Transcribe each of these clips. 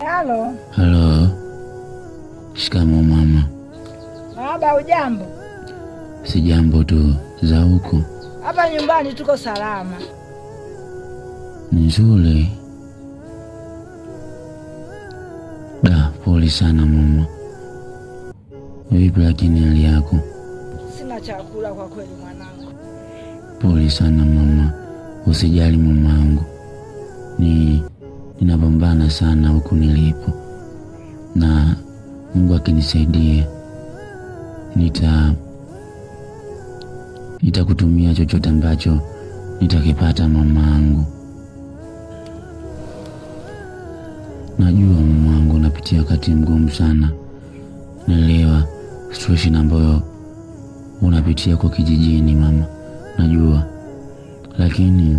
Halo. Halo. Shikamoo mama. Baba, ujambo? Si jambo tu, za huko? Hapa nyumbani tuko salama. Nzuri. Da, pole sana mama. Vipi lakini hali yako? Sina chakula kwa kweli mwanangu. Pole sana mama, usijali mamangu ni inapambana sana huku nilipo, na Mungu akinisaidia nita nitakutumia chochote ambacho nitakipata mamangu. Najua mamangu napitia wakati mgumu sana, naelewa situation ambayo unapitia kwa kijijini mama, najua, lakini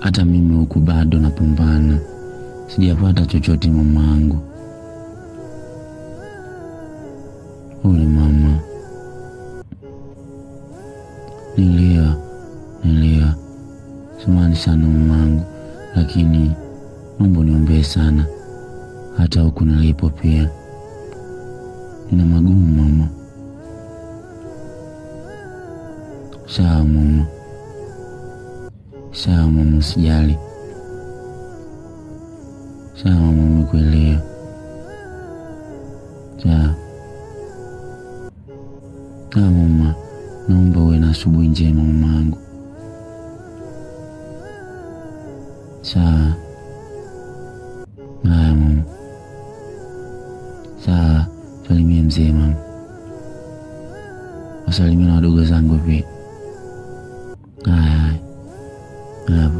hata mimi huku bado napambana. Sijapata chochote mama yangu. Pole mama, nilia nilia, samani sana mama yangu, lakini naomba niombee sana, hata huku nalipo pia nina magumu mama. Sawa mama, sawa mama, usijali. Sao umekulia? Sawa. Sawa mama, naomba uwe na asubuhi njema mamangu. Sawa. Haya mama. Sawa, salimie mzee mama. Wasalimie na wadogo zangu pia. Haya. Haya.